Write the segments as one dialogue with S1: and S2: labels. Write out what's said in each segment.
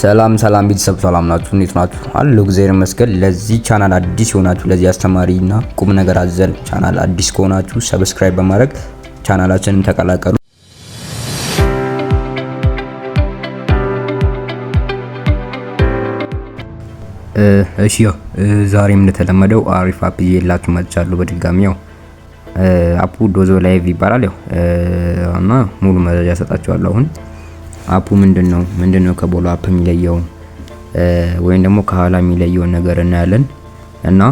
S1: ሰላም ሰላም ቤተሰብ ሰላም ናችሁ? እንዴት ናችሁ? አለሁ እግዚአብሔር ይመስገን። ለዚህ ቻናል አዲስ የሆናችሁ ለዚህ አስተማሪና ቁም ነገር አዘል ቻናል አዲስ ከሆናችሁ ሰብስክራይብ በማድረግ ቻናላችንን ተቀላቀሉ። እሺ ዛሬም እንደተለመደው አሪፍ አፕ ይዤላችሁ መጥቻለሁ። በድጋሚ ያው አፑ ዶዞ ላይቭ ይባላል። ያው እና ሙሉ መረጃ ሰጣችኋለሁ አሁን አፑ ምንድን ነው ምንድን ነው ከቦሎ አፕ የሚለየው ወይም ደግሞ ከኋላ የሚለየውን ነገር እናያለን። እና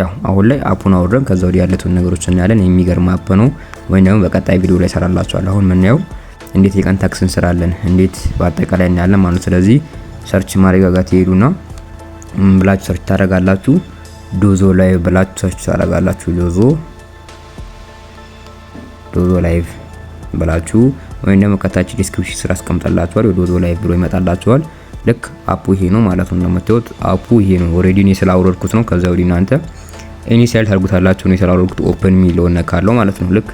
S1: ያው አሁን ላይ አፑን አውርደን ከዛ ወዲህ ያሉትን ነገሮች እናያለን። የሚገርም አፕ ነው ወይም ደግሞ በቀጣይ ቪዲዮ ላይ ሰራላችኋለሁ። አሁን የምናየው እንዴት የቀን ታክስ እንስራለን እንዴት በአጠቃላይ እናያለን ማለት ስለዚህ ሰርች ማረጋጋት ይሄዱና ብላችሁ ሰርች ታደርጋላችሁ። ዶዞ ላይ ብላችሁ ሰርች ታደርጋላችሁ። ዶዞ ዶዞ ላይቭ ብላችሁ ወይም ደግሞ ከታች ዲስክሪፕሽን ስራ አስቀምጠላችኋል። ወደ ኦዞ ላይ ብሎ ይመጣላችኋል። ልክ አፑ ይሄ ነው ማለት ነው። እንደምታዩት አፑ ይሄ ነው። ኦልሬዲ እኔ ስላወረድኩት ነው። ከዛ ወዲህ እናንተ ኢኒሻል ታርጉታላችሁ። እኔ ስላወረድኩት ኦፕን የሚለውን ነካለው ማለት ነው። ልክ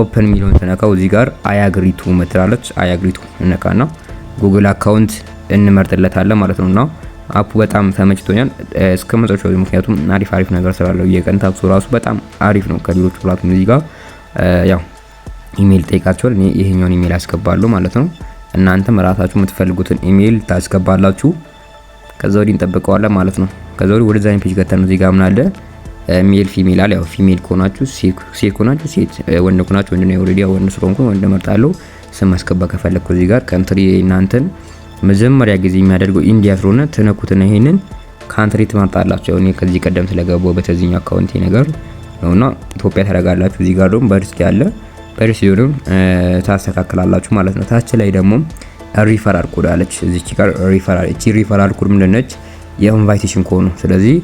S1: ኦፕን የሚለውን ተነካው እዚህ ጋር አያግሪቱ ምትላለች። አያግሪቱ እነካና ጉግል አካውንት እንመርጥለታለን ማለት ነውና አፑ በጣም ተመችቶኛል እስከ መጨረሻው። ምክንያቱም አሪፍ አሪፍ ነገር ስላለው የቀን ታክሱ ራሱ በጣም አሪፍ ነው ከሌሎች ፕላትፎርም እዚህ ጋር ያው ኢሜይል ጠይቃቸዋል። እኔ ይሄኛውን ኢሜይል አስገባለሁ ማለት ነው። እናንተም ራሳችሁ የምትፈልጉትን ኢሜይል ታስገባላችሁ። ከዛ ወዲህ እንጠብቀዋለን ማለት ነው። ከዛ ወዲህ ወደ ዛይን ፔጅ ከተን እዚህ ጋር ምን አለ ሜል ፊሜል አለ። ያው ፊሜል ከሆናችሁ ሴት ከሆናችሁ ሴት፣ ወንድ ከሆናችሁ ወንድ ነው። ኦልሬዲ ወንድ ስለሆንኩ ወንድ መርጣለሁ። ስም ማስገባ ከፈለኩ እዚህ ጋር ካንትሪ እናንተን መጀመሪያ ጊዜ የሚያደርገው ኢንዲያ ስለሆነ ትነኩትና ይሄንን ካንትሪ ትመርጣላችሁ። ያው እኔ ከዚህ ቀደም ስለገባው በተዚህኛው አካውንቴ ነገር ነውና ኢትዮጵያ ታደርጋላችሁ። እዚህ ጋር ደግሞ በርስኪ አለ ፐርሲዩንም ታስተካክላላችሁ ማለት ነው። ታች ላይ ደግሞ ሪፈራል ኮድ አለች። እዚች ጋር ሪፈራል እቺ ሪፈራል ኮድ ምንድን ነች? የኢንቫይቴሽን ኮድ ነው። ስለዚህ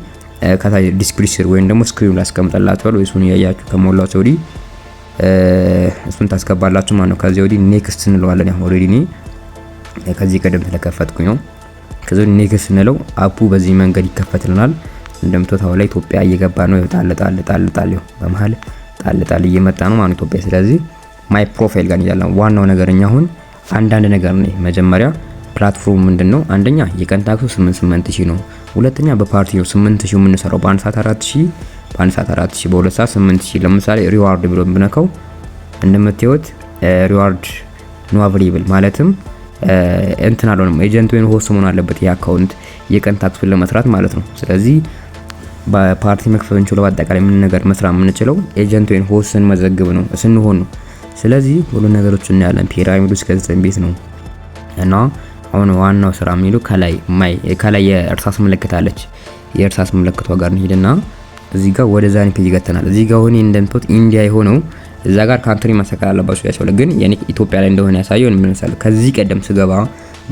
S1: ከታች ዲስክሪፕሽን ወይም ደግሞ ስክሪን ላይ ላስቀምጥላችኋል ወይ እሱን እያያችሁ ከሞላው ሰው ወዲህ እሱን ታስገባላችሁ ማለት ነው። ከዚህ ወዲህ ኔክስት እንለዋለን። ያው ኦልሬዲ እኔ ከዚህ ቀደም ስለከፈትኩኝ ነው። ከዚህ ኔክስት እንለው አፑ በዚህ መንገድ ይከፈትልናል። እንደምትወታው ላይ ኢትዮጵያ እየገባ ነው። ጣል ጣል ጣል ጣል በመሀል ጣል ጣል እየመጣ ነው ማለት ኢትዮጵያ። ስለዚህ ማይ ፕሮፋይል ጋር እንሄዳለን። ዋናው ነገር እኛ አሁን አንዳንድ ነገር ነው። መጀመሪያ ፕላትፎርም ምንድን ነው? አንደኛ የቀን ታክሱ 88000 ነው። ሁለተኛ በፓርቲ ነው 8000 የምንሰራው በአንድ ሰዓት 4000 በአንድ ሰዓት 4000 በሁለት ሰዓት 8000 ለምሳሌ ሪዋርድ ብሎ ብነካው እንደምታዩት ሪዋርድ ኖ አቬሌብል ማለትም እንትን አልሆነም። ኤጀንት ወይም ሆስት መሆን አለበት የአካውንት የቀን ታክሱን ለመስራት ማለት ነው። ስለዚህ በፓርቲ መክፈል እንችለው በአጠቃላይ ምን ነገር መስራት የምንችለው ኤጀንት ወይም ሆስት ስንመዘግብ ነው ስንሆን ነው። ስለዚህ ሁሉ ነገሮች እናያለን። ፒራሚዱ እስከ ዘጠኝ ቤት ነው እና አሁን ዋናው ስራ የሚሉ ከላይ ማይ ከላይ የእርሳስ ምልክት አለች። የእርሳስ ምልክቷ ጋር እንሂድና እዚህ ጋር ወደ ዛኒ ፔጅ ይገተናል። እዚህ ጋር ሆኔ እንደምትወት ኢንዲያ የሆነው እዛ ጋር ካንትሪ ማስተካከል አለባችሁ ያሳውል ግን የኔ ኢትዮጵያ ላይ እንደሆነ ያሳየውን ምን መሰለህ ከዚህ ቀደም ስገባ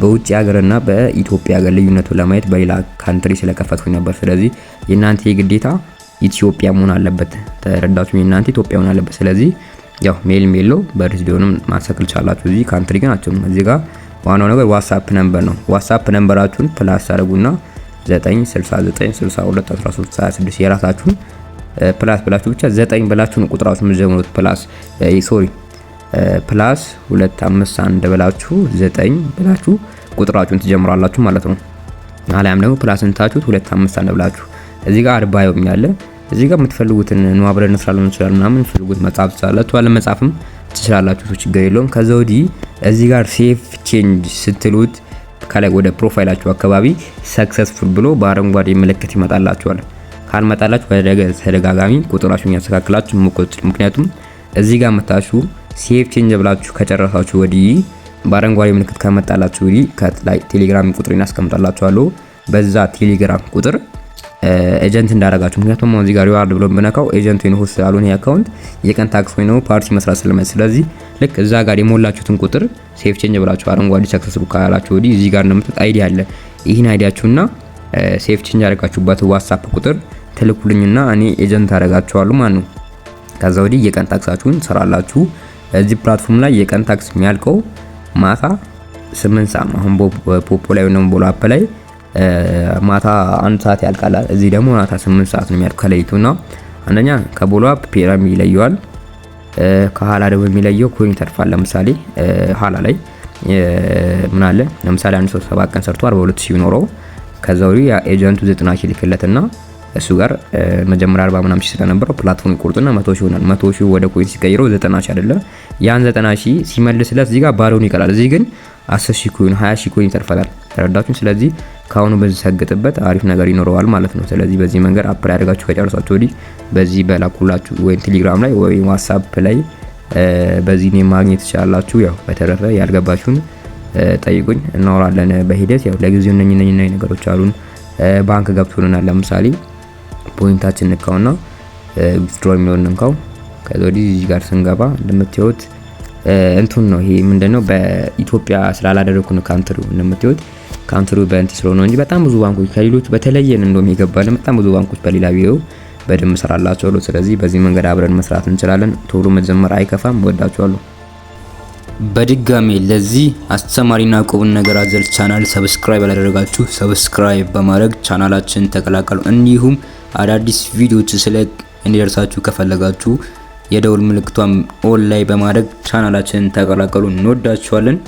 S1: በውጭ ሀገርና በኢትዮጵያ ሀገር ልዩነቱን ለማየት በሌላ ካንትሪ ስለከፈትኩ ነበር። ስለዚህ የእናንተ የግዴታ ኢትዮጵያ መሆን አለበት። ተረዳችሁ? የእናንተ ኢትዮጵያ መሆን አለበት። ስለዚህ ያው ሜል ሜል ነው በርስ ቢሆንም ማሰክል ቻላችሁ። እዚህ ካንትሪ ግን አትሆኑም። እዚህ ጋር ዋናው ነገር ዋትስአፕ ነምበር ነው። ዋትስአፕ ነምበራችሁን ፕላስ አድርጉና 969621326 የራሳችሁን ፕላስ ብላችሁ ብቻ 9 ብላችሁን ቁጥራችሁን የምትጀምሩት ፕላስ ሶሪ ፕላስ 251 ብላችሁ 9 ብላችሁ ቁጥራችሁን ትጀምራላችሁ ማለት ነው። አሊያም ደግሞ ፕላስን ታችሁት 251 ብላችሁ እዚህ ጋር አርባ ይሆም ያለ እዚህ ጋር የምትፈልጉትን ነው አብረን ስራ እንችላለን ይችላል ምናምን የምትፈልጉት መጻፍ ትችላላችሁ። አለ መጻፍም ትችላላችሁ። እሱ ችግር የለውም። ከዛ ወዲህ እዚህ ጋር ሴፍ ቼንጅ ስትሉት ከላይ ወደ ፕሮፋይላችሁ አካባቢ ሰክሰስፉል ብሎ በአረንጓዴ ምልክት ይመጣላችኋል። ካልመጣላችሁ ወደ ተደጋጋሚ ቁጥራችሁን ያስተካክላችሁ ሞክሩት። ምክንያቱም እዚህ ጋር መታችሁ ሴቭ ቼንጅ ብላችሁ ከጨረሳችሁ ወዲህ በአረንጓዴ ምልክት ከመጣላችሁ ወዲህ ከላይ ቴሌግራም ቁጥር እናስቀምጣላችኋለሁ። በዛ ቴሌግራም ቁጥር ኤጀንት እንዳረጋችሁ። ምክንያቱም አሁን እዚህ ጋር ሪዋርድ ብሎ ብነካው ኤጀንት ወይ ሆስት ያሉን አካውንት የቀን ታክስ ወይ ነው ፓርቲ መስራት ስለማይ፣ ስለዚህ ልክ እዛ ጋር የሞላችሁትን ቁጥር ሴፍ ቼንጅ ብላችሁ አረንጓዴ ሰክሰስ ቡክ ካላችሁ ወዲህ እዚህ ጋር እንደምትት አይዲ አለ። ይህን አይዲያችሁና ሴፍ ቼንጅ ያደረጋችሁበት ዋትስአፕ ቁጥር ትልኩልኝና እኔ ኤጀንት አደረጋችኋለሁ ማለት ነው። ከዛ ወዲህ የቀን ታክሳችሁን ሰራላችሁ። እዚህ ፕላትፎርም ላይ የቀን ታክስ የሚያልቀው ማታ 8 ሰዓት ነው። አሁን ፖፖ ላይ ወይም ቦሎ አፕ ላይ ማታ አንድ ሰዓት ያልቃላል። እዚህ ደግሞ ማታ 8 ሰዓት ነው የሚያልቀው ነው። አንደኛ ከቦሎ አፕ ፒራሚድ ይለየዋል። ከኋላ ደግሞ የሚለየው ኮይን ተርፋል። ለምሳሌ ኋላ ላይ ምን አለ ለምሳሌ አንድ ሰው 7 ቀን ሰርቶ 42000 ቢኖረው ከዛው ኤጀንቱ 90 ሺህ ይልክለትና እሱ ጋር መጀመሪያ 40 ምናምን ሺህ ስለነበረው ፕላትፎርም ይቆርጥና 100 ሺህ ይሆናል። 100 ሺህ ወደ ኮይን ሲቀይረው 90 ሺህ አይደለም ያን 90 ሺህ ሲመልስለት እዚህ ጋር ባዶን ይቀራል። እዚህ ግን 10 ሺህ ኮይን 20 ሺህ ኮይን ይተርፈላል። ተረዳችሁ? ስለዚህ ከአሁኑ በዚህ ሰግጥበት አሪፍ ነገር ይኖረዋል ማለት ነው። ስለዚህ በዚህ መንገድ አፕላይ አድርጋችሁ ከጨረሳችሁ ወዲህ በዚህ በላኩላችሁ ወይም ቴሌግራም ላይ ወይም ዋትስአፕ ላይ በዚህ እኔ ማግኘት ትችላላችሁ። ያው በተረፈ ያልገባችሁን ጠይቁኝ እናወራለን በሂደት ያው ለጊዜው እነኝ ነኝ ነገሮች አሉን ባንክ ገብቶልናል ለምሳሌ ፖይንታችን እንካውና ዊዝድሮ የሚለውን እንካው። ከዛ ወዲህ እዚህ ጋር ስንገባ እንደምታዩት እንቱን ነው ይሄ ምንድነው በኢትዮጵያ ስላላደረኩ ነው ካንትሪው እንደምታዩት ካንትሪው በእንት ስለሆነ እንጂ በጣም ብዙ ባንኮች ከሌሎች በተለየ እንደውም ይገባል። በጣም ብዙ ባንኮች በሌላ ቪዲዮ በደንብ እሰራላችሁ አሉ። ስለዚህ በዚህ መንገድ አብረን መስራት እንችላለን። ቶሎ መጀመር አይከፋም። ወዳችኋለሁ። በድጋሜ ለዚህ አስተማሪና ቁም ነገር አዘል ቻናል ሰብስክራይብ ያላደረጋችሁ ሰብስክራይብ በማድረግ ቻናላችን ተቀላቀሉ። እንዲሁም አዳዲስ ቪዲዮዎች ስለ እንዲደርሳችሁ ከፈለጋችሁ የደውል ምልክቷን ኦን ላይ በማድረግ ቻናላችንን ተቀላቀሉ። እንወዳችኋለን።